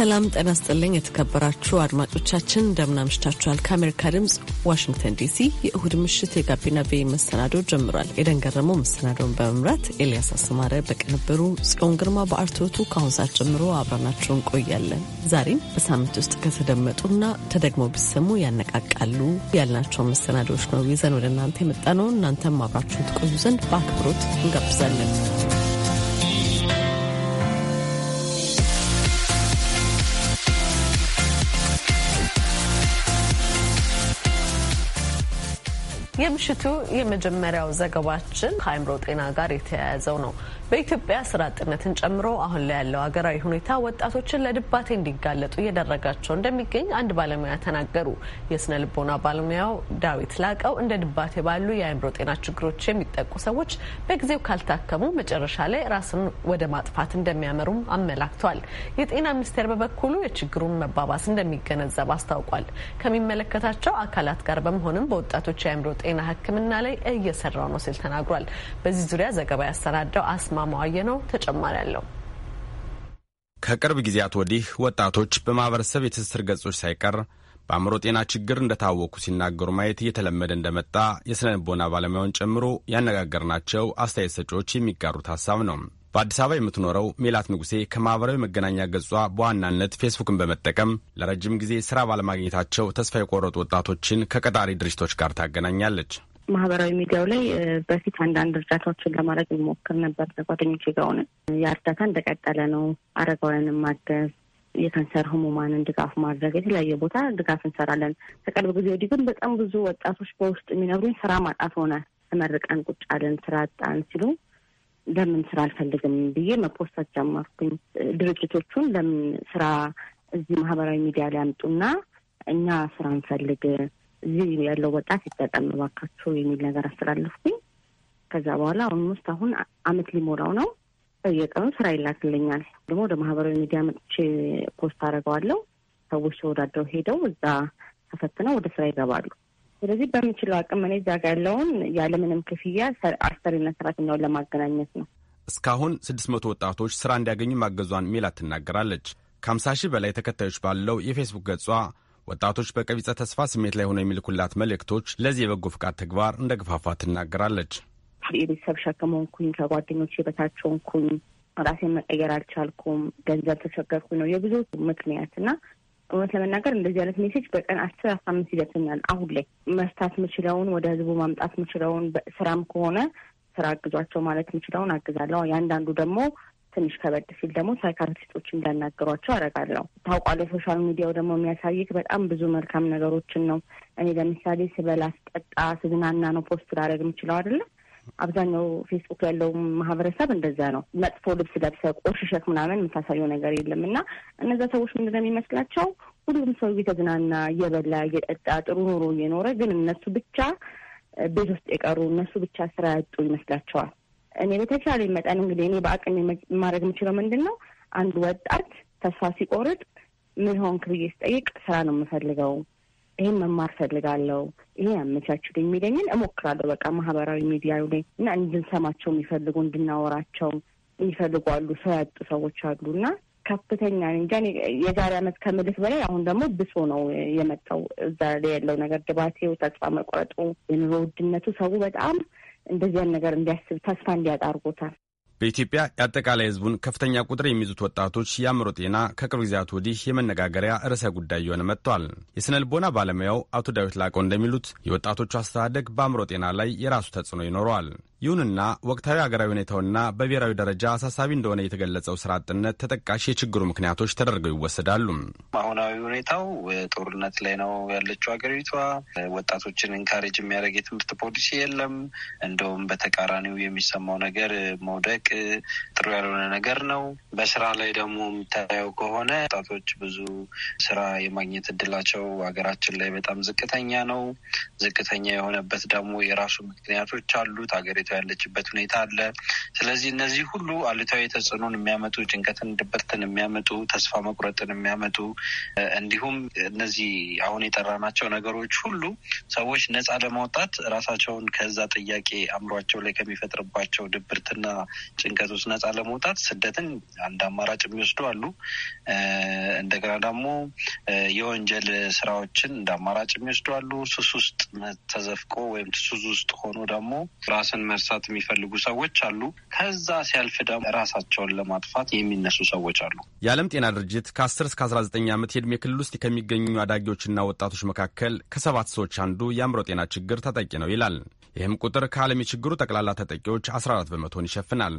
ሰላም ጤና ስጥልኝ። የተከበራችሁ አድማጮቻችን እንደምን አምሽታችኋል? ከአሜሪካ ድምፅ ዋሽንግተን ዲሲ የእሁድ ምሽት የጋቢና ቤ መሰናዶ ጀምሯል። ኤደን ገረመው መሰናዶውን በመምራት ኤልያስ አስማረ በቅንብሩ፣ ጽዮን ግርማ በአርቶቱ ከአሁን ሰዓት ጀምሮ አብረናችሁ እንቆያለን። ዛሬም በሳምንት ውስጥ ከተደመጡና ተደግሞ ቢሰሙ ያነቃቃሉ ያልናቸውን መሰናዶዎች ነው ይዘን ወደ እናንተ የመጣነው። እናንተም አብራችሁን ትቆዩ ዘንድ በአክብሮት እንጋብዛለን። የምሽቱ የመጀመሪያው ዘገባችን ከአእምሮ ጤና ጋር የተያያዘው ነው። በኢትዮጵያ ስራ አጥነትን ጨምሮ አሁን ላይ ያለው ሀገራዊ ሁኔታ ወጣቶችን ለድባቴ እንዲጋለጡ እየደረጋቸው እንደሚገኝ አንድ ባለሙያ ተናገሩ። የስነ ልቦና ባለሙያው ዳዊት ላቀው እንደ ድባቴ ባሉ የአእምሮ ጤና ችግሮች የሚጠቁ ሰዎች በጊዜው ካልታከሙ መጨረሻ ላይ ራስን ወደ ማጥፋት እንደሚያመሩም አመላክቷል። የጤና ሚኒስቴር በበኩሉ የችግሩን መባባስ እንደሚገነዘብ አስታውቋል። ከሚመለከታቸው አካላት ጋር በመሆንም በወጣቶች የአእምሮ ጤና ሕክምና ላይ እየሰራው ነው ሲል ተናግሯል። በዚህ ዙሪያ ዘገባ ያሰናዳው አስማ አስማማው አየነው ተጨማሪ አለው። ከቅርብ ጊዜያት ወዲህ ወጣቶች በማህበረሰብ የትስስር ገጾች ሳይቀር በአእምሮ ጤና ችግር እንደታወቁ ሲናገሩ ማየት እየተለመደ እንደመጣ የሥነ ልቦና ባለሙያውን ጨምሮ ያነጋገርናቸው አስተያየት ሰጪዎች የሚጋሩት ሀሳብ ነው። በአዲስ አበባ የምትኖረው ሜላት ንጉሴ ከማኅበራዊ መገናኛ ገጿ በዋናነት ፌስቡክን በመጠቀም ለረጅም ጊዜ ሥራ ባለማግኘታቸው ተስፋ የቆረጡ ወጣቶችን ከቀጣሪ ድርጅቶች ጋር ታገናኛለች። ማህበራዊ ሚዲያው ላይ በፊት አንዳንድ እርዳታዎችን ለማድረግ እንሞክር ነበር ከጓደኞቼ ጋር ሆነን። ያ እርዳታ እንደቀጠለ ነው። አረጋውያንን ማገዝ፣ የካንሰር ህሙማንን ድጋፍ ማድረግ፣ የተለያየ ቦታ ድጋፍ እንሰራለን። ከቅርብ ጊዜ ወዲህ ግን በጣም ብዙ ወጣቶች በውስጥ የሚነግሩኝ ስራ ማጣት ሆነ፣ ተመርቀን ቁጭ አልን ስራ አጣን ሲሉ ለምን ስራ አልፈልግም ብዬ መፖስታት ጀመርኩኝ። ድርጅቶቹን ለምን ስራ እዚህ ማህበራዊ ሚዲያ ሊያምጡና እኛ ስራ እንፈልግ እዚህ ያለው ወጣት ይጠቀም ባካቸው የሚል ነገር አስተላለፍኩኝ። ከዛ በኋላ አሁን ውስጥ አሁን አመት ሊሞላው ነው። በየቀኑ ስራ ይላክልኛል። ደግሞ ወደ ማህበራዊ ሚዲያ መጥቼ ፖስት አደርገዋለሁ። ሰዎች ተወዳድረው ሄደው እዛ ተፈትነው ወደ ስራ ይገባሉ። ስለዚህ በምችለው አቅም እኔ እዛ ጋ ያለውን ያለምንም ክፍያ አሰሪና ሰራተኛውን ለማገናኘት ነው። እስካሁን ስድስት መቶ ወጣቶች ስራ እንዲያገኙ ማገዟን ሜላት ትናገራለች። ከሀምሳ ሺህ በላይ ተከታዮች ባለው የፌስቡክ ገጿ ወጣቶች በቀቢጸ ተስፋ ስሜት ላይ ሆነው የሚልኩላት መልእክቶች ለዚህ የበጎ ፍቃድ ተግባር እንደ ግፋፋ ትናገራለች። የቤተሰብ ሸክም ሆንኩኝ፣ ከጓደኞች በታች ሆንኩኝ፣ ራሴን መቀየር አልቻልኩም፣ ገንዘብ ተቸገርኩኝ ነው የብዙ ምክንያት እና እውነት ለመናገር እንደዚህ አይነት ሜሴጅ በቀን አስር አስራ አምስት ይደርሰኛል። አሁን ላይ መፍታት ምችለውን ወደ ህዝቡ ማምጣት ምችለውን ስራም ከሆነ ስራ አግዟቸው ማለት ምችለውን አግዛለሁ። ያንዳንዱ ደግሞ ትንሽ ከበድ ሲል ደግሞ ሳይካርቲስቶች እንዳናገሯቸው አደርጋለሁ። ታውቋል። ሶሻል ሚዲያው ደግሞ የሚያሳይክ በጣም ብዙ መልካም ነገሮችን ነው። እኔ ለምሳሌ ስበላ፣ ስጠጣ፣ ስዝናና ነው ፖስት ላደረግ የምችለው አይደለም። አብዛኛው ፌስቡክ ያለው ማህበረሰብ እንደዛ ነው። መጥፎ ልብስ ለብሰ ቆሽሸክ ምናምን የምታሳየው ነገር የለም እና እነዛ ሰዎች ምንድነው የሚመስላቸው ሁሉም ሰው እየተዝናና እየበላ እየጠጣ ጥሩ ኑሮ እየኖረ ግን እነሱ ብቻ ቤት ውስጥ የቀሩ እነሱ ብቻ ስራ ያጡ ይመስላቸዋል። እኔ በተቻለ መጠን እንግዲህ እኔ በአቅሜ ማድረግ የምችለው ምንድን ነው፣ አንድ ወጣት ተስፋ ሲቆርጥ ምን ሆንክ ብዬ ስጠይቅ ስራ ነው የምፈልገው፣ ይህን መማር ፈልጋለው፣ ይሄ ያመቻችሁልኝ የሚለኝን እሞክራለሁ። በቃ ማህበራዊ ሚዲያ ላይ እና እንድንሰማቸው የሚፈልጉ እንድናወራቸው የሚፈልጉ አሉ፣ ሰው ያጡ ሰዎች አሉ እና ከፍተኛ እንጃ የዛሬ አመት ከምልስ በላይ አሁን ደግሞ ብሶ ነው የመጣው። እዛ ላይ ያለው ነገር ድባቴው፣ ተስፋ መቁረጡ፣ የኑሮ ውድነቱ ሰው በጣም እንደዚያን ነገር እንዲያስብ ተስፋ እንዲያጣርጎታል። በኢትዮጵያ የአጠቃላይ ህዝቡን ከፍተኛ ቁጥር የሚይዙት ወጣቶች የአእምሮ ጤና ከቅርብ ጊዜያት ወዲህ የመነጋገሪያ ርዕሰ ጉዳይ እየሆነ መጥቷል። የስነ ልቦና ባለሙያው አቶ ዳዊት ላቀው እንደሚሉት የወጣቶቹ አስተዳደግ በአእምሮ ጤና ላይ የራሱ ተጽዕኖ ይኖረዋል። ይሁንና ወቅታዊ ሀገራዊ ሁኔታውና በብሔራዊ ደረጃ አሳሳቢ እንደሆነ የተገለጸው ስራ አጥነት ተጠቃሽ የችግሩ ምክንያቶች ተደርገው ይወሰዳሉ። አሁናዊ ሁኔታው ጦርነት ላይ ነው ያለችው ሀገሪቷ። ወጣቶችን እንካሬጅ የሚያደርግ የትምህርት ፖሊሲ የለም። እንደውም በተቃራኒው የሚሰማው ነገር መውደቅ ጥሩ ያልሆነ ነገር ነው። በስራ ላይ ደግሞ የሚታየው ከሆነ ወጣቶች ብዙ ስራ የማግኘት እድላቸው ሀገራችን ላይ በጣም ዝቅተኛ ነው። ዝቅተኛ የሆነበት ደግሞ የራሱ ምክንያቶች አሉት ሀገሪቱ ሀገሪቷ ያለችበት ሁኔታ አለ። ስለዚህ እነዚህ ሁሉ አሉታዊ ተጽዕኖን የሚያመጡ ጭንቀትን፣ ድብርትን የሚያመጡ ተስፋ መቁረጥን የሚያመጡ እንዲሁም እነዚህ አሁን የጠራናቸው ነገሮች ሁሉ ሰዎች ነፃ ለማውጣት ራሳቸውን ከዛ ጥያቄ አእምሯቸው ላይ ከሚፈጥርባቸው ድብርትና ውስጥ ነፃ ለመውጣት ስደትን አንድ አማራጭ የሚወስዱ አሉ። እንደገና ደግሞ የወንጀል ስራዎችን እንደ አማራጭ የሚወስዱ አሉ። ሱስ ውስጥ ተዘፍቆ ወይም ሱስ ውስጥ ሆኖ ደግሞ ራስን መርሳት የሚፈልጉ ሰዎች አሉ። ከዛ ሲያልፍ ደግሞ ራሳቸውን ለማጥፋት የሚነሱ ሰዎች አሉ። የዓለም ጤና ድርጅት ከ እስከ 19 ዘጠኝ ዓመት የዕድሜ ክልል ውስጥ ከሚገኙ አዳጊዎችና ወጣቶች መካከል ከሰባት ሰዎች አንዱ የአእምሮ ጤና ችግር ተጠቂ ነው ይላል። ይህም ቁጥር ከዓለም የችግሩ ጠቅላላ ተጠቂዎች 14 በመቶን ይሸፍናል።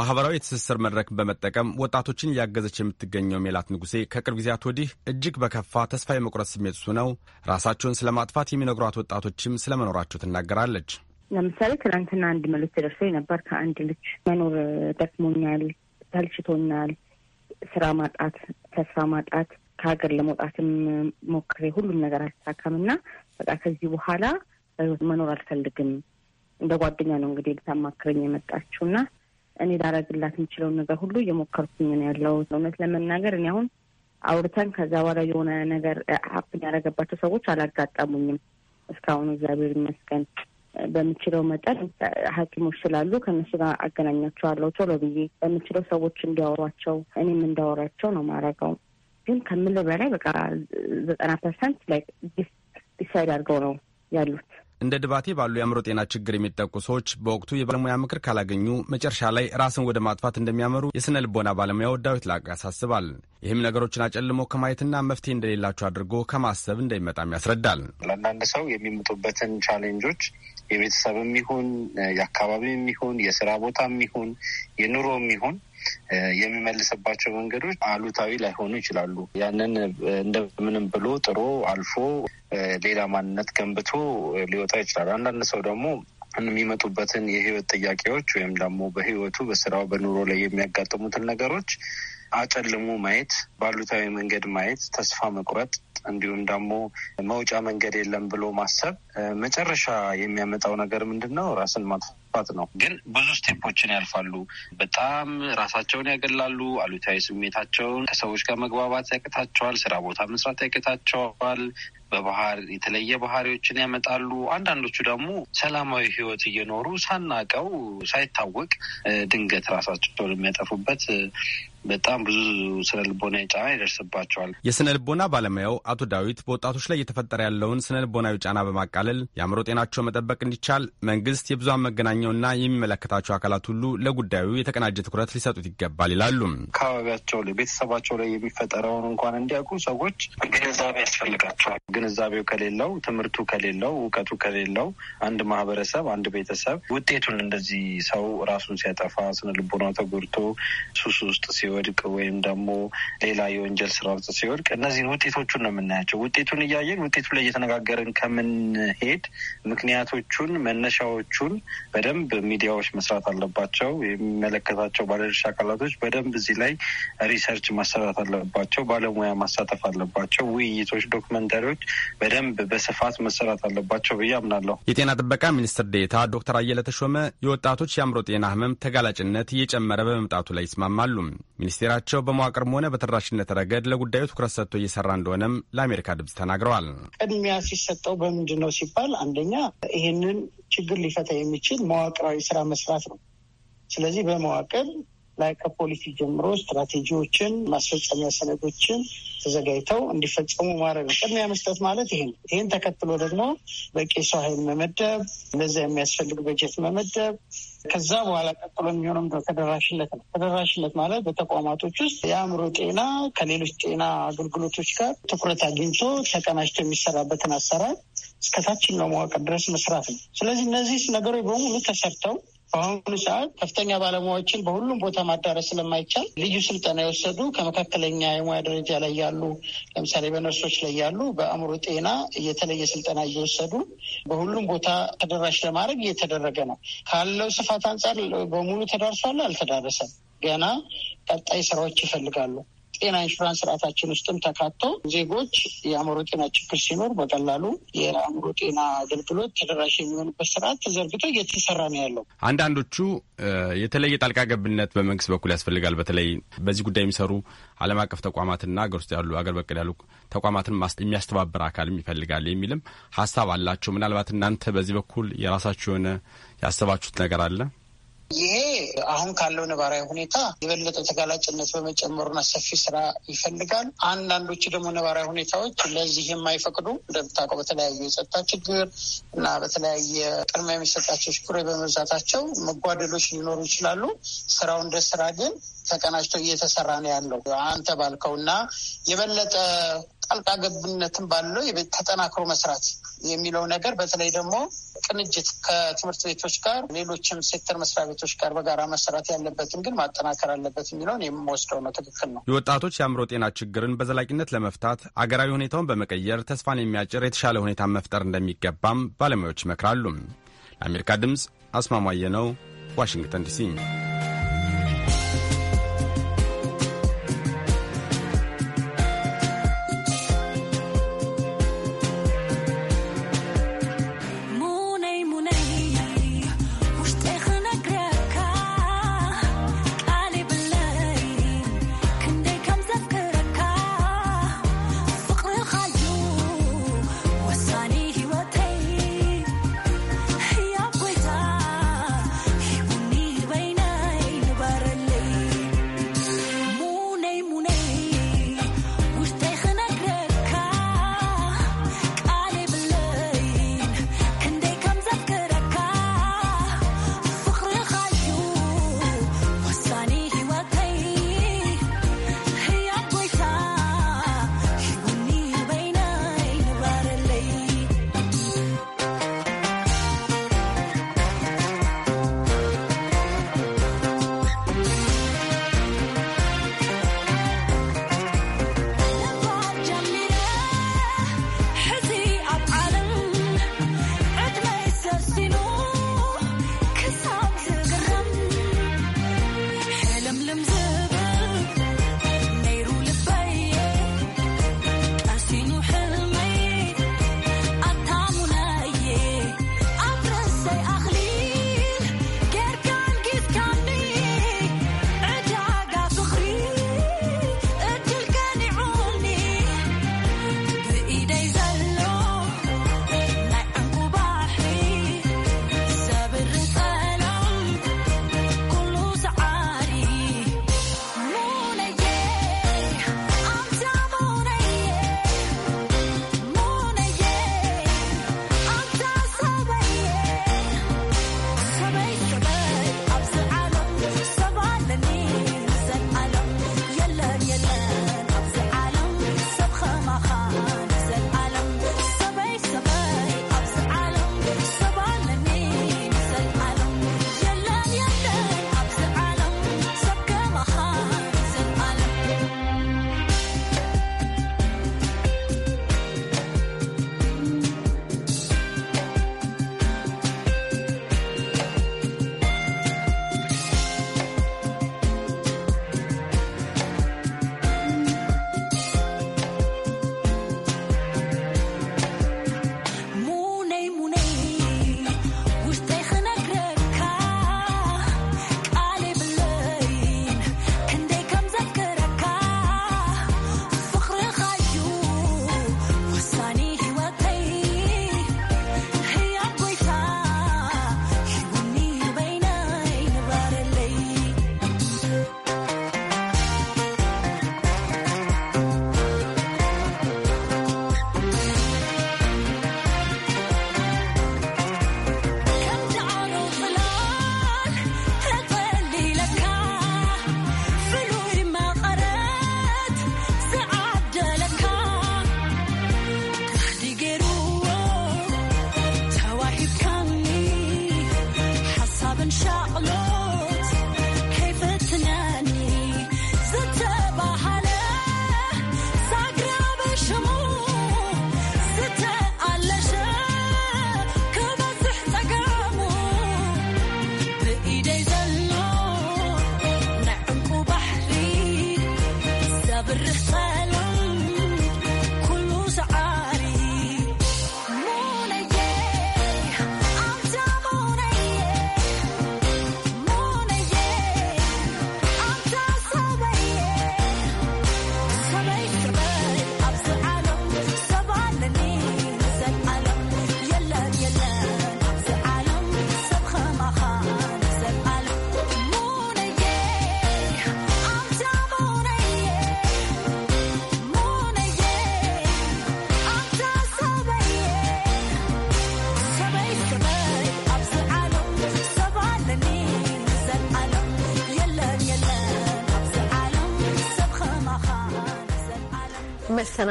ማህበራዊ የትስስር መድረክን በመጠቀም ወጣቶችን እያገዘች የምትገኘው ሜላት ንጉሴ ከቅርብ ጊዜያት ወዲህ እጅግ በከፋ ተስፋ የመቁረጥ ስሜት ሱ ነው ራሳቸውን ስለ ማጥፋት የሚነግሯት ወጣቶችም ስለመኖራቸው ትናገራለች። ለምሳሌ ትናንትና አንድ መልዕክት ደርሶኝ ነበር። ከአንድ ልጅ መኖር ደክሞኛል፣ ተልችቶኛል፣ ስራ ማጣት፣ ተስፋ ማጣት፣ ከሀገር ለመውጣትም ሞክሬ ሁሉም ነገር አልተሳካም እና በቃ ከዚህ በኋላ በህይወት መኖር አልፈልግም። እንደ ጓደኛ ነው እንግዲህ ልታማክረኝ የመጣችው እና እኔ ላረግላት የምችለውን ነገር ሁሉ እየሞከርኩኝ ነው ያለው። እውነት ለመናገር እኔ አሁን አውርተን ከዛ በኋላ የሆነ ነገር ሀፕን ያደረገባቸው ሰዎች አላጋጠሙኝም እስካሁን እግዚአብሔር ይመስገን። በምችለው መጠን ሐኪሞች ስላሉ ከነሱ ጋር አገናኛቸዋለሁ። ቶሎ ብዬ በምችለው ሰዎች እንዲያወሯቸው እኔም እንዳወራቸው ነው ማረገው። ግን ከምል በላይ በቃ ዘጠና ፐርሰንት ላይ ዲሳይድ አድርገው ነው ያሉት እንደ ድባቴ ባሉ የአእምሮ ጤና ችግር የሚጠቁ ሰዎች በወቅቱ የባለሙያ ምክር ካላገኙ መጨረሻ ላይ ራስን ወደ ማጥፋት እንደሚያመሩ የሥነ ልቦና ባለሙያው ዳዊት ላቅ ያሳስባል። ይህም ነገሮችን አጨልሞ ከማየትና መፍትሄ እንደሌላቸው አድርጎ ከማሰብ እንደሚመጣም ያስረዳል። ለአንዳንድ ሰው የሚመጡበትን ቻሌንጆች የቤተሰብም ይሁን የአካባቢም ይሁን የስራ ቦታም ይሁን የኑሮም ይሁን የሚመልስባቸው መንገዶች አሉታዊ ላይሆኑ ይችላሉ። ያንን እንደምንም ብሎ ጥሮ አልፎ ሌላ ማንነት ገንብቶ ሊወጣ ይችላል። አንዳንድ ሰው ደግሞ የሚመጡበትን የህይወት ጥያቄዎች ወይም ደግሞ በህይወቱ በስራው በኑሮ ላይ የሚያጋጥሙትን ነገሮች አጨልሞ ማየት፣ ባሉታዊ መንገድ ማየት፣ ተስፋ መቁረጥ እንዲሁም ደግሞ መውጫ መንገድ የለም ብሎ ማሰብ መጨረሻ የሚያመጣው ነገር ምንድን ነው? ራስን ማጥፋት መጥፋት ነው። ግን ብዙ ስቴፖችን ያልፋሉ። በጣም ራሳቸውን ያገላሉ። አሉታዊ ስሜታቸውን ከሰዎች ጋር መግባባት ያቅታቸዋል። ስራ ቦታ መስራት ያቅታቸዋል። በባህር የተለየ ባህሪዎችን ያመጣሉ። አንዳንዶቹ ደግሞ ሰላማዊ ህይወት እየኖሩ ሳናቀው ሳይታወቅ ድንገት ራሳቸውን የሚያጠፉበት በጣም ብዙ ስነ ልቦናዊ ጫና ይደርስባቸዋል። የስነ ልቦና ባለሙያው አቶ ዳዊት በወጣቶች ላይ እየተፈጠረ ያለውን ስነ ልቦናዊ ጫና በማቃለል የአእምሮ ጤናቸው መጠበቅ እንዲቻል መንግስት፣ የብዙሀን መገናኛውና የሚመለከታቸው አካላት ሁሉ ለጉዳዩ የተቀናጀ ትኩረት ሊሰጡት ይገባል ይላሉ። አካባቢያቸው ላይ ቤተሰባቸው ላይ የሚፈጠረውን እንኳን እንዲያውቁ ሰዎች ግንዛቤ ያስፈልጋቸዋል። ግንዛቤው ከሌለው፣ ትምህርቱ ከሌለው፣ እውቀቱ ከሌለው አንድ ማህበረሰብ አንድ ቤተሰብ ውጤቱን እንደዚህ ሰው ራሱን ሲያጠፋ ስነ ልቦና ተጎድቶ ሱስ ውስጥ ሲወድቅ ወይም ደግሞ ሌላ የወንጀል ስራ ውስጥ ሲወድቅ እነዚህን ውጤቶቹን ነው የምናያቸው። ውጤቱን እያየን ውጤቱ ላይ እየተነጋገርን ከምንሄድ ምክንያቶቹን መነሻዎቹን በደንብ ሚዲያዎች መስራት አለባቸው። የሚመለከታቸው ባለድርሻ አካላቶች በደንብ እዚህ ላይ ሪሰርች ማሰራት አለባቸው። ባለሙያ ማሳተፍ አለባቸው። ውይይቶች፣ ዶክመንተሪዎች በደንብ በስፋት መሰራት አለባቸው ብዬ አምናለሁ። የጤና ጥበቃ ሚኒስትር ዴታ ዶክተር አየለ ተሾመ የወጣቶች የአእምሮ ጤና ህመም ተጋላጭነት እየጨመረ በመምጣቱ ላይ ይስማማሉ። ሚኒስቴራቸው በመዋቅርም ሆነ በተደራሽነት ረገድ ለጉዳዩ ትኩረት ሰጥቶ እየሰራ እንደሆነም ለአሜሪካ ድምፅ ተናግረዋል። ቅድሚያ ሲሰጠው በምንድን ነው ሲባል አንደኛ ይህንን ችግር ሊፈታ የሚችል መዋቅራዊ ስራ መስራት ነው። ስለዚህ በመዋቅር ላይ ከፖሊሲ ጀምሮ ስትራቴጂዎችን፣ ማስፈጸሚያ ሰነዶችን ተዘጋጅተው እንዲፈጸሙ ማድረግ ነው። ቅድሚያ መስጠት ማለት ይሄ ነው። ይህን ተከትሎ ደግሞ በቂ ሰው ኃይል መመደብ፣ ለዛ የሚያስፈልግ በጀት መመደብ ከዛ በኋላ ቀጥሎ የሚሆነው ተደራሽነት ነው። ተደራሽነት ማለት በተቋማቶች ውስጥ የአእምሮ ጤና ከሌሎች ጤና አገልግሎቶች ጋር ትኩረት አግኝቶ ተቀናጅቶ የሚሰራበትን አሰራር ነው መዋቅር ድረስ መስራት ነው። ስለዚህ እነዚህ ነገሮች በሙሉ ተሰርተው በአሁኑ ሰዓት ከፍተኛ ባለሙያዎችን በሁሉም ቦታ ማዳረስ ስለማይቻል ልዩ ስልጠና የወሰዱ ከመካከለኛ የሙያ ደረጃ ላይ ያሉ ለምሳሌ በነርሶች ላይ ያሉ በአእምሮ ጤና የተለየ ስልጠና እየወሰዱ በሁሉም ቦታ ተደራሽ ለማድረግ እየተደረገ ነው። ካለው ስፋት አንጻር በሙሉ ተዳርሷል? አልተዳረሰም። ገና ቀጣይ ስራዎች ይፈልጋሉ። የጤና ኢንሹራንስ ስርዓታችን ውስጥም ተካተው ዜጎች የአእምሮ ጤና ችግር ሲኖር በቀላሉ የአእምሮ ጤና አገልግሎት ተደራሽ የሚሆንበት ስርዓት ተዘርግቶ እየተሰራ ነው ያለው። አንዳንዶቹ የተለየ ጣልቃ ገብነት በመንግስት በኩል ያስፈልጋል። በተለይ በዚህ ጉዳይ የሚሰሩ ዓለም አቀፍ ተቋማትና አገር ውስጥ ያሉ አገር በቀል ያሉ ተቋማትን የሚያስተባብር አካልም ይፈልጋል የሚልም ሀሳብ አላቸው። ምናልባት እናንተ በዚህ በኩል የራሳችሁ የሆነ ያሰባችሁት ነገር አለ? ይሄ አሁን ካለው ነባራዊ ሁኔታ የበለጠ ተጋላጭነት በመጨመሩና ሰፊ ስራ ይፈልጋል። አንዳንዶቹ ደግሞ ነባራዊ ሁኔታዎች ለዚህ የማይፈቅዱ እንደምታውቀው በተለያዩ የጸጥታ ችግር እና በተለያየ ቅድሚያ የሚሰጣቸው ችግሮች በመብዛታቸው መጓደሎች ሊኖሩ ይችላሉ። ስራው እንደ ስራ ግን ተቀናጅቶ እየተሰራ ነው ያለው። አንተ ባልከውና የበለጠ ጣልቃ ገብነትም ባለው ተጠናክሮ መስራት የሚለው ነገር በተለይ ደግሞ ቅንጅት ከትምህርት ቤቶች ጋር ሌሎችም ሴክተር መስሪያ ቤቶች ጋር በጋራ መሰራት ያለበትን ግን ማጠናከር አለበት የሚለውን የምወስደው ነው። ትክክል ነው። የወጣቶች የአእምሮ ጤና ችግርን በዘላቂነት ለመፍታት አገራዊ ሁኔታውን በመቀየር ተስፋን የሚያጭር የተሻለ ሁኔታ መፍጠር እንደሚገባም ባለሙያዎች ይመክራሉ። ለአሜሪካ ድምፅ አስማማየ ነው፣ ዋሽንግተን ዲሲ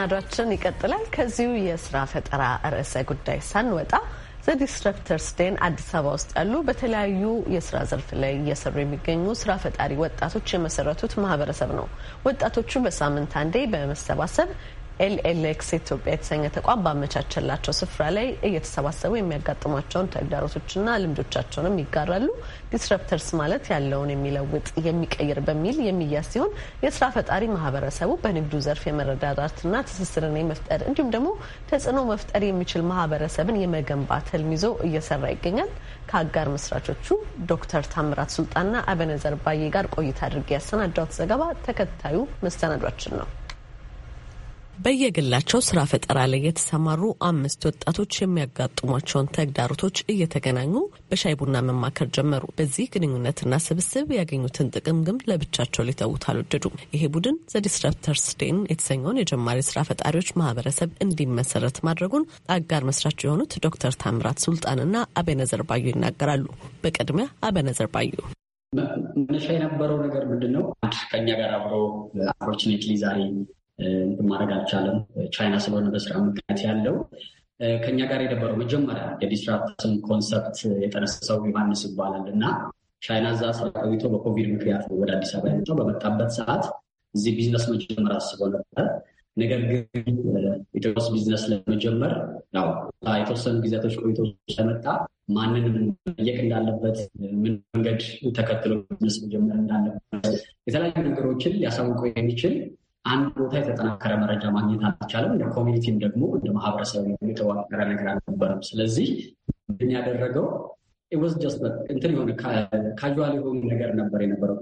መሰናዷችን ይቀጥላል። ከዚሁ የስራ ፈጠራ ርዕሰ ጉዳይ ሳንወጣ ዘዲስረፕተርስ ዴን አዲስ አበባ ውስጥ ያሉ በተለያዩ የስራ ዘርፍ ላይ እየሰሩ የሚገኙ ስራ ፈጣሪ ወጣቶች የመሰረቱት ማህበረሰብ ነው። ወጣቶቹ በሳምንት አንዴ በመሰባሰብ ኤልኤልኤክስ ኢትዮጵያ የተሰኘ ተቋም ባመቻቸላቸው ስፍራ ላይ እየተሰባሰቡ የሚያጋጥሟቸውን ተግዳሮቶችና ልምዶቻቸውንም ይጋራሉ። ዲስረፕተርስ ማለት ያለውን የሚለውጥ የሚቀይር በሚል የሚያዝ ሲሆን የስራ ፈጣሪ ማህበረሰቡ በንግዱ ዘርፍ የመረዳዳትና ትስስርን የመፍጠር እንዲሁም ደግሞ ተጽዕኖ መፍጠር የሚችል ማህበረሰብን የመገንባት ህልም ይዞ እየሰራ ይገኛል። ከአጋር መስራቾቹ ዶክተር ታምራት ሱልጣንና አበነዘር ባዬ ጋር ቆይታ አድርጌ ያሰናዳሁት ዘገባ ተከታዩ መሰናዷችን ነው። በየግላቸው ስራ ፈጠራ ላይ የተሰማሩ አምስት ወጣቶች የሚያጋጥሟቸውን ተግዳሮቶች እየተገናኙ በሻይ ቡና መማከር ጀመሩ። በዚህ ግንኙነትና ስብስብ ያገኙትን ጥቅም ግን ለብቻቸው ሊተዉት አልወደዱም። ይሄ ቡድን ዘ ዴን የተሰኘውን የጀማሪ ስራ ፈጣሪዎች ማህበረሰብ እንዲመሰረት ማድረጉን አጋር መስራች የሆኑት ዶክተር ታምራት ሱልጣንና አቤነዘር ባዩ ይናገራሉ። በቅድሚያ አቤነዘር ባዩ መነሻ የነበረው ነገር ምንድን ነው? አንድ ከኛ ጋር አብሮ አፖርቹኒቲ ዛሬ ማድረግ አልቻለም። ቻይና ስለሆነ በስራ ምክንያት ያለው ከኛ ጋር የነበረው መጀመሪያ የዲስራፕትን ኮንሰፕት የጠነሰሰው ዮሐንስ ይባላል እና ቻይና እዛ ስራ ቆይቶ በኮቪድ ምክንያት ወደ አዲስ አበባ ያመጣው በመጣበት ሰዓት እዚህ ቢዝነስ መጀመር አስቦ ነበር። ነገር ግን ኢትዮጵያ ውስጥ ቢዝነስ ለመጀመር ያው የተወሰኑ ጊዜያቶች ቆይቶ ስለመጣ ማንን መጠየቅ እንዳለበት፣ ምን መንገድ ተከትሎ ቢዝነስ መጀመር እንዳለበት የተለያዩ ነገሮችን ሊያሳውቀው የሚችል አንድ ቦታ የተጠናከረ መረጃ ማግኘት አልቻለም። እንደ ኮሚኒቲም ደግሞ እንደ ማህበረሰብ የተዋቀረ ነገር አልነበረም። ስለዚህ ምንድን ያደረገው ወዝ ጀስት እንትን የሆነ ካዋል የሆኑ ነገር ነበር የነበረው።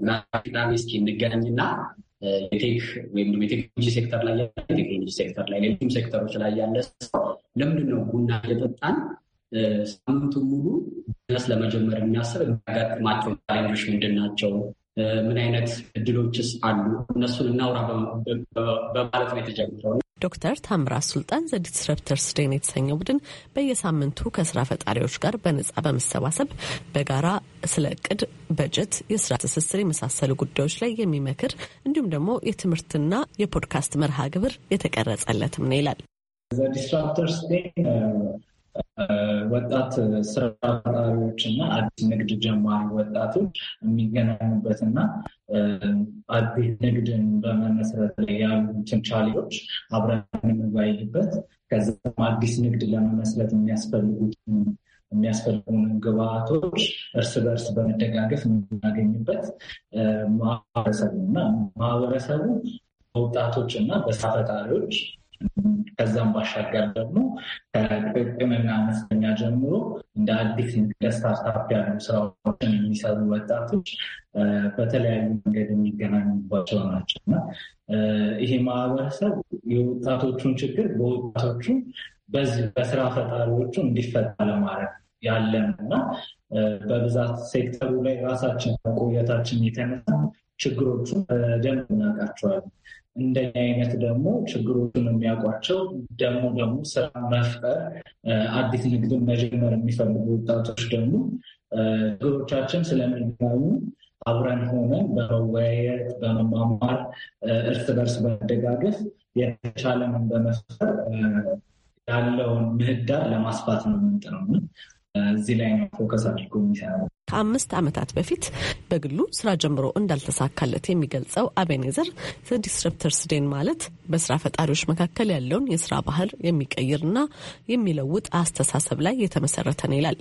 ቅዳሜ እስኪ እንገናኝና የቴክ ወይም የቴክኖሎጂ ሴክተር ላይ ያለ የቴክኖሎጂ ሴክተር ላይ ሌሎችም ሴክተሮች ላይ ያለ ሰው ለምንድን ነው ቡና እየጠጣን ሳምንቱን ሙሉ ነስ ለመጀመር የሚያስብ የሚያጋጥማቸው ቻሌንጆች ምንድን ናቸው? ምን አይነት እድሎችስ አሉ? እነሱን እናውራ በማለት ነው የተጀመረው። ዶክተር ታምራት ሱልጣን ዘዲስረፕተርስ ዴን የተሰኘው ቡድን በየሳምንቱ ከስራ ፈጣሪዎች ጋር በነጻ በመሰባሰብ በጋራ ስለ እቅድ፣ በጀት፣ የስራ ትስስር የመሳሰሉ ጉዳዮች ላይ የሚመክር እንዲሁም ደግሞ የትምህርትና የፖድካስት መርሃ ግብር የተቀረጸለትም ነው ይላል። ዘዲስራፕተርስ ዴን ወጣት ስራ ፈጣሪዎች እና አዲስ ንግድ ጀማሪ ወጣቶች የሚገናኙበት እና አዲስ ንግድን በመመስረት ላይ ያሉትን ቻሌዎች አብረን የምንወያይበት ከዚም አዲስ ንግድ ለመመስረት የሚያስፈልጉትን የሚያስፈልጉን ግብአቶች እርስ በእርስ በመደጋገፍ የምናገኝበት ማህበረሰቡ እና ማህበረሰቡ በወጣቶች እና በስራ ፈጣሪዎች ከዛም ባሻገር ደግሞ ከጥቃቅንና አነስተኛ ጀምሮ እንደ አዲስ ለስታርታፕ ያሉ ስራዎችን የሚሰሩ ወጣቶች በተለያዩ መንገድ የሚገናኙባቸው ናቸው እና ይሄ ማህበረሰብ የወጣቶቹን ችግር በወጣቶቹ በዚህ በስራ ፈጣሪዎቹ እንዲፈታ ለማድረግ ያለን እና በብዛት ሴክተሩ ላይ ራሳችን መቆየታችን የተነሳ ችግሮቹን በደንብ እናውቃቸዋለን። እንደኛ አይነት ደግሞ ችግሮችን የሚያውቋቸው ደግሞ ደግሞ ስራ መፍጠር አዲስ ንግድን መጀመር የሚፈልጉ ወጣቶች ደግሞ ችግሮቻችን ስለሚገኙ አብረን ሆነን በመወያየት በመማማር እርስ በርስ በመደጋገፍ የተቻለንን በመፍጠር ያለውን ምህዳር ለማስፋት ነው የምንጥረው። እዚህ ላይ ነው ፎከስ አድርጎ የሚሰራው። ከአምስት ዓመታት በፊት በግሉ ስራ ጀምሮ እንዳልተሳካለት የሚገልጸው አቤኔዘር ዲስረፕተርስ ዴን ማለት በስራ ፈጣሪዎች መካከል ያለውን የስራ ባህል የሚቀይርና የሚለውጥ አስተሳሰብ ላይ የተመሰረተ ነው ይላል።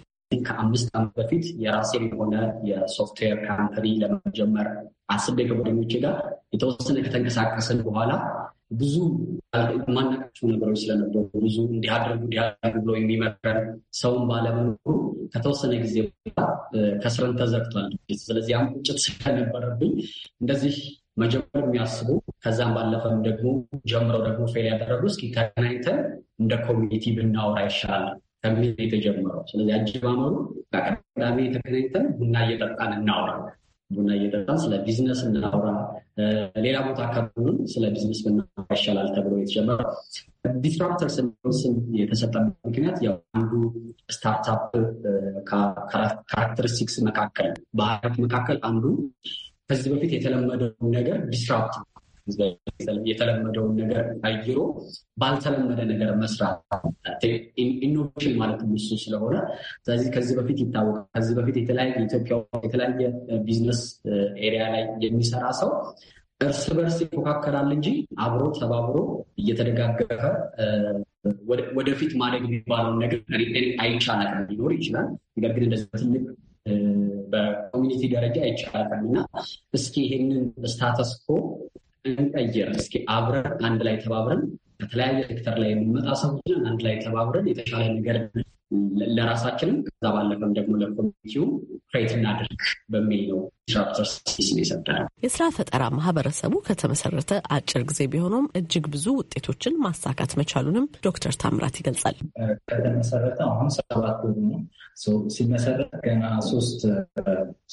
ከአምስት ዓመት በፊት የራሴ የሆነ የሶፍትዌር ካምፓኒ ለመጀመር አስቤ ከጓደኞቼ ጋር የተወሰነ ከተንቀሳቀስን በኋላ ብዙ ማናቸው ነገሮች ስለነበሩ ብዙ እንዲያደርጉ እንዲያደርጉ ብሎ የሚመከር ሰውን ባለመኖሩ ከተወሰነ ጊዜ ከስረን ተዘግቷል። ስለዚህ አሁን ቁጭት ስለነበረብኝ እንደዚህ መጀመር የሚያስቡ ከዛም ባለፈም ደግሞ ጀምረው ደግሞ ፌል ያደረጉ እስኪ ተገናኝተን እንደ ኮሚኒቲ ብናወራ ይሻላል ከሚል የተጀመረው። ስለዚህ አጀማመሩ ቅዳሜ ተገናኝተን ቡና እየጠጣን እናወራለን። ቡና እየጠጣን ስለ ቢዝነስ እናውራ፣ ሌላ ቦታ ካሁንም ስለ ቢዝነስ ብናወራ ይሻላል ተብሎ የተጀመረ ዲስራፕተር ስም የተሰጠበት ምክንያት ያው አንዱ ስታርታፕ ካራክተሪስቲክስ መካከል ባህሪያት መካከል አንዱ ከዚህ በፊት የተለመደውን ነገር ዲስራፕት የተለመደውን ነገር አይሮ ባልተለመደ ነገር መስራት ኢኖቬሽን ማለት እሱ ስለሆነ ስለዚህ ከዚህ በፊት ይታወቃል። ከዚህ በፊት የተለያየ ኢትዮጵያ የተለያየ ቢዝነስ ኤሪያ ላይ የሚሰራ ሰው እርስ በርስ ይፎካከራል እንጂ አብሮ ተባብሮ እየተደጋገፈ ወደፊት ማደግ የሚባለውን ነገር አይቻላል። ሊኖር ይችላል፣ ነገር ግን እንደዚህ ትልቅ በኮሚኒቲ ደረጃ አይቻላል እና እስኪ ይሄንን ስታተስኮ እንቀይር እስኪ አብረን አንድ ላይ ተባብረን ከተለያየ ሴክተር ላይ የምንመጣ ሰዎችን አንድ ላይ ተባብረን የተሻለ ነገር ለራሳችንም ከዛ ባለፈም ደግሞ ለኮሚኒቲው ክሬት እናድርግ በሚል ነው የስራ ፈጠራ ማህበረሰቡ ከተመሰረተ አጭር ጊዜ ቢሆኖም እጅግ ብዙ ውጤቶችን ማሳካት መቻሉንም ዶክተር ታምራት ይገልጻል። ከተመሰረተ አሁን ሰባት ወሩ ነው። ሲመሰረት ገና ሶስት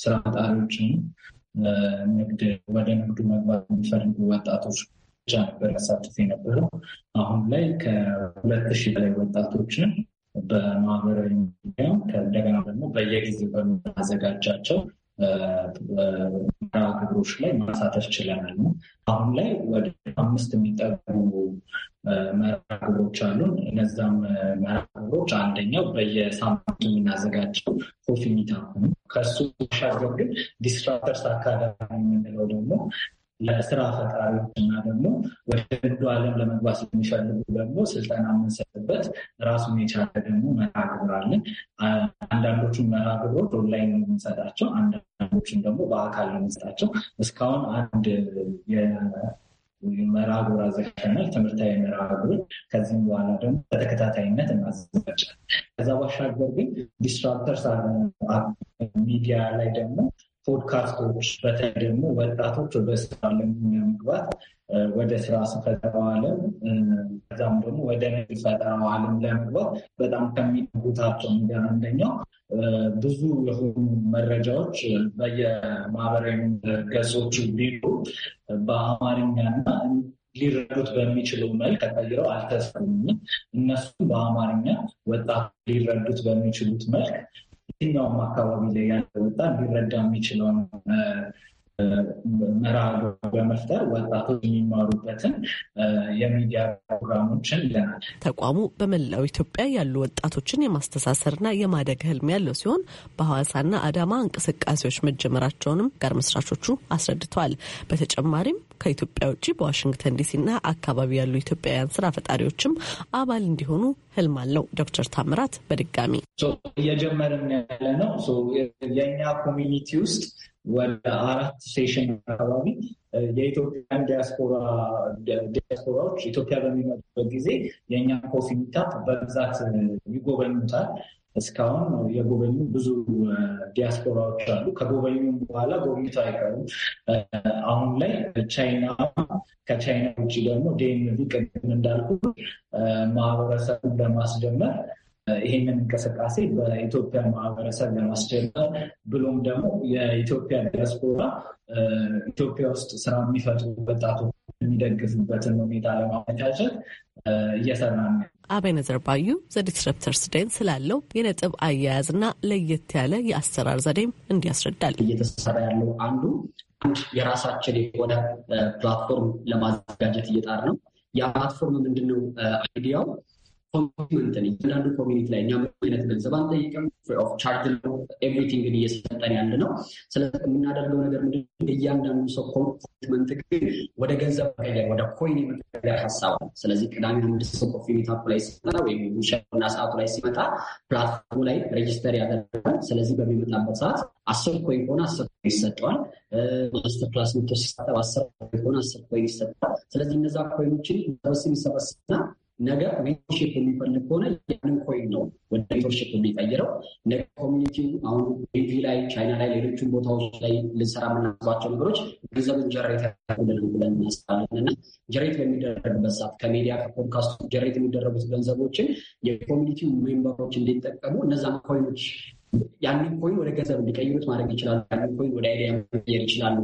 ስራ ፈጣሪዎችን ንግድ ወደ ንግዱ መግባት የሚፈልጉ ወጣቶች ብቻ ነበር ያሳትፍ የነበረው። አሁን ላይ ከሁለት ሺህ በላይ ወጣቶችን በማህበራዊ ሚዲያ እንደገና ደግሞ በየጊዜው በምናዘጋጃቸው መርሃ ግብሮች ላይ ማሳተፍ ችለናል ነው። አሁን ላይ ወደ አምስት የሚጠጉ መርሃ ግብሮች አሉን። እነዛም መርሃ ግብሮች አንደኛው በየሳምንቱ የምናዘጋጀው ኮፊ ሚታ ነው። ከሱ ባሻገር ግን ዲስትራክተርስ አካዳሚ የምንለው ደግሞ ለስራ ፈጣሪዎች እና ደግሞ ወደ ንግዱ ዓለም ለመግባት የሚፈልጉ ደግሞ ስልጠና የምንሰጥበት ራሱን የቻለ ደግሞ መርሃ አለን። አንዳንዶቹን መርሃ ኦንላይን ነው የምንሰጣቸው፣ አንዳንዶቹን ደግሞ በአካል ነው የምንሰጣቸው። እስካሁን አንድ መርሃ ግብር አዘጋጅተናል፣ ትምህርታዊ መርሃ ከዚህም በኋላ ደግሞ በተከታታይነት እናዘጋጃለን። ከዛ ባሻገር ግን ዲስትራክተርስ ሚዲያ ላይ ደግሞ ፖድካስቶች በተለይ ደግሞ ወጣቶች ወደ ስራ ለመግባት ወደ ስራ ፈጠራው ዓለም ከዛም ደግሞ ወደ ንግድ ፈጠራው ዓለም ለመግባት በጣም ከሚጉታቸው ነገር አንደኛው ብዙ የሆኑ መረጃዎች በየማህበራዊ ገጾች ቢሉ በአማርኛና ሊረዱት በሚችለው መልክ ተቀይረው አልተሰሩም። እነሱም በአማርኛ ወጣት ሊረዱት በሚችሉት መልክ የትኛውም አካባቢ ላይ ያለ ወጣት ሊረዳ የሚችለውን ምዕራብ በመፍጠር ወጣቶች የሚማሩበትን የሚዲያ ፕሮግራሞችን ይለናል። ተቋሙ በመላው ኢትዮጵያ ያሉ ወጣቶችን የማስተሳሰርና የማደግ ህልም ያለው ሲሆን በሐዋሳና አዳማ እንቅስቃሴዎች መጀመራቸውንም ጋር መስራቾቹ አስረድተዋል። በተጨማሪም ከኢትዮጵያ ውጭ በዋሽንግተን ዲሲና አካባቢ ያሉ ኢትዮጵያውያን ስራ ፈጣሪዎችም አባል እንዲሆኑ ህልም አለው። ዶክተር ታምራት በድጋሚ እየጀመርን ያለ ነው የእኛ ኮሚኒቲ ውስጥ ወደ አራት ሴሽን አካባቢ የኢትዮጵያን ዲያስፖራ ዲያስፖራዎች ኢትዮጵያ በሚመጡበት ጊዜ የእኛ ኮፊ ሚታፕ በብዛት ይጎበኙታል። እስካሁን የጎበኙ ብዙ ዲያስፖራዎች አሉ። ከጎበኙም በኋላ ጎብኝቶ አይቀሩም። አሁን ላይ ቻይና፣ ከቻይና ውጭ ደግሞ ዴንቪ ቅድም እንዳልኩ ማህበረሰቡን ለማስጀመር ይህንን እንቅስቃሴ በኢትዮጵያ ማህበረሰብ ለማስጀመር ብሎም ደግሞ የኢትዮጵያ ዲያስፖራ ኢትዮጵያ ውስጥ ስራ የሚፈጥሩ ወጣቶች የሚደግፍበትን ሁኔታ ለማመቻቸት እየሰራ ነው። አቤነዘር ባዩ ዘዲስረፕተርስ ደን ስላለው የነጥብ አያያዝና ለየት ያለ የአሰራር ዘዴም እንዲያስረዳል። እየተሰራ ያለው አንዱ አንድ የራሳችን የሆነ ፕላትፎርም ለማዘጋጀት እየጣር ነው። ያ ፕላትፎርም ምንድነው አይዲያው ኮሚትመንት እያንዳንዱ ኮሚኒቲ ላይ እኛ ምንም አይነት ገንዘብ አንጠይቅም። ፍሪ ኦፍ ቻርጅ ነው ኤቭሪቲንግን እየሰጠን ያለ ነው። ስለዚህ የምናደርገው ነገር ምንድን እያንዳንዱ ሰው ኮሚትመንት ግን ወደ ገንዘብ መቀየር ወደ ኮይን የመቀየር ሀሳብ ነው። ስለዚህ ቅዳሜ አንድ ሰው ኮፊ ሚታፕ ላይ ሲመጣ ወይም ሸና ሰዓቱ ላይ ሲመጣ ፕላትፎርሙ ላይ ሬጅስተር ያደርጋል። ስለዚህ በሚመጣበት ሰዓት አስር ኮይን ከሆነ አስር ኮይን ይሰጠዋል። ማስተር ክላስ መቶ ሲሰጠው አስር ኮይን ከሆነ አስር ኮይን ይሰጠዋል። ስለዚህ እነዛ ኮይኖችን ሰበስብ ይሰበስብና ነገ ሜንቶርሺፕ የሚፈልግ ከሆነ ያንን ኮይን ነው ወደ ሜንቶርሺፕ የሚቀይረው። ነገ ኮሚኒቲው አሁን ቪ ላይ፣ ቻይና ላይ፣ ሌሎችን ቦታዎች ላይ ልንሰራ የምናስባቸው ነገሮች ገንዘብን ጀሬት ያደርጉልን ብለን እናስባለን እና ጀሬት በሚደረግበት ሰዓት ከሚዲያ ከፖድካስቱ ጀሬት የሚደረጉት ገንዘቦችን የኮሚኒቲው ሜምበሮች እንዲጠቀሙ እነዛ ኮይኖች ያንን ኮይን ወደ ገንዘብ እንዲቀይሩት ማድረግ ይችላሉ። ያንን ኮይን ወደ አይዲያ መቀየር ይችላሉ።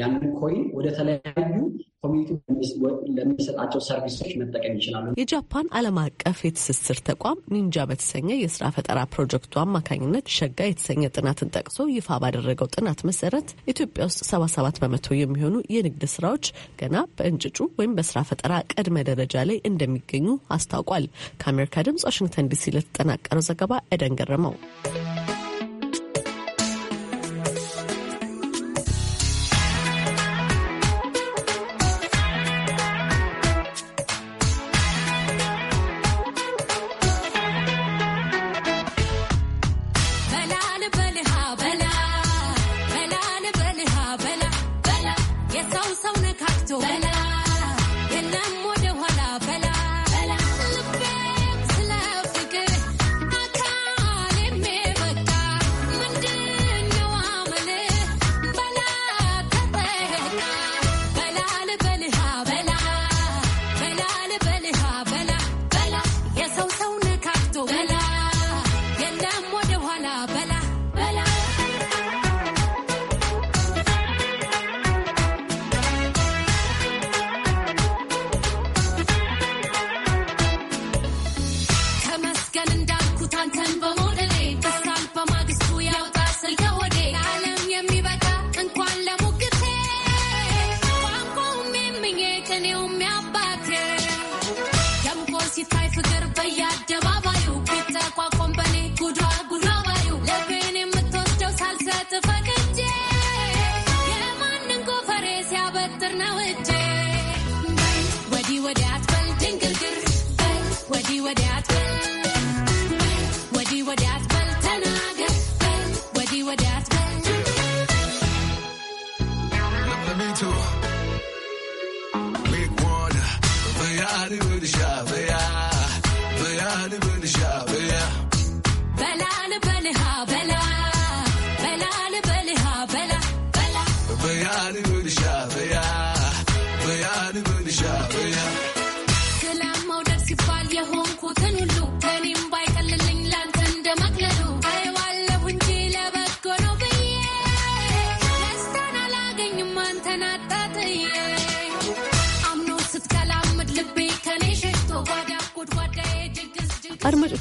ያንን ኮይን ወደ ተለያዩ ኮሚኒቲ ለሚሰጣቸው ሰርቪሶች መጠቀም ይችላሉ። የጃፓን ዓለም አቀፍ የትስስር ተቋም ኒንጃ በተሰኘ የስራ ፈጠራ ፕሮጀክቱ አማካኝነት ሸጋ የተሰኘ ጥናትን ጠቅሶ ይፋ ባደረገው ጥናት መሰረት ኢትዮጵያ ውስጥ 77 በመቶ የሚሆኑ የንግድ ስራዎች ገና በእንጭጩ ወይም በስራ ፈጠራ ቅድመ ደረጃ ላይ እንደሚገኙ አስታውቋል። ከአሜሪካ ድምጽ ዋሽንግተን ዲሲ ለተጠናቀረው ዘገባ ኤደን ገረመው።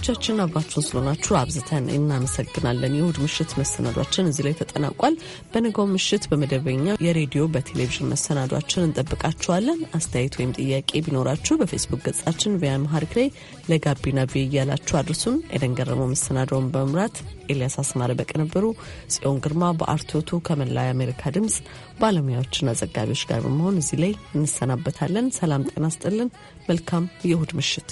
አድማጮቻችን አብራችሁን ስለሆናችሁ አብዝተን እናመሰግናለን። የእሁድ ምሽት መሰናዷችን እዚህ ላይ ተጠናቋል። በነገው ምሽት በመደበኛ የሬዲዮ በቴሌቪዥን መሰናዷችን እንጠብቃችኋለን። አስተያየት ወይም ጥያቄ ቢኖራችሁ በፌስቡክ ገጻችን ቪያ መሀሪክ ላይ ለጋቢና ቪ እያላችሁ አድርሱን። ኤደን ገረመው መሰናዷውን በመምራት ኤልያስ አስማረ በቅንብሩ፣ ጽዮን ግርማ በአርቶቱ ከመላ የአሜሪካ ድምፅ ባለሙያዎችና ዘጋቢዎች ጋር በመሆን እዚህ ላይ እንሰናበታለን። ሰላም ጤና ስጥልን። መልካም የእሁድ ምሽት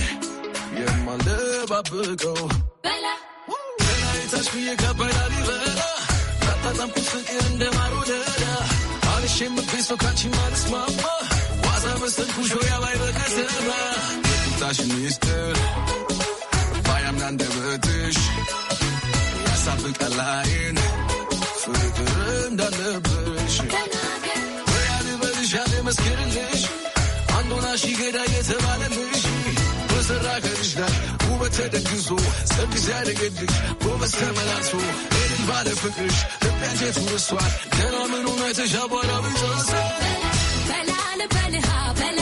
ፍቅር የማልደባብቀው She get a በሰራ ገሪሽ ውበት ተደግሶ ጽድ ሲያደገድግ ጎበዝ ተመላሶ ሄድን ባለ ፍቅርሽ ልቤቴት ውርሷል ገና እውነትሽ አቧራ በልሃ በላ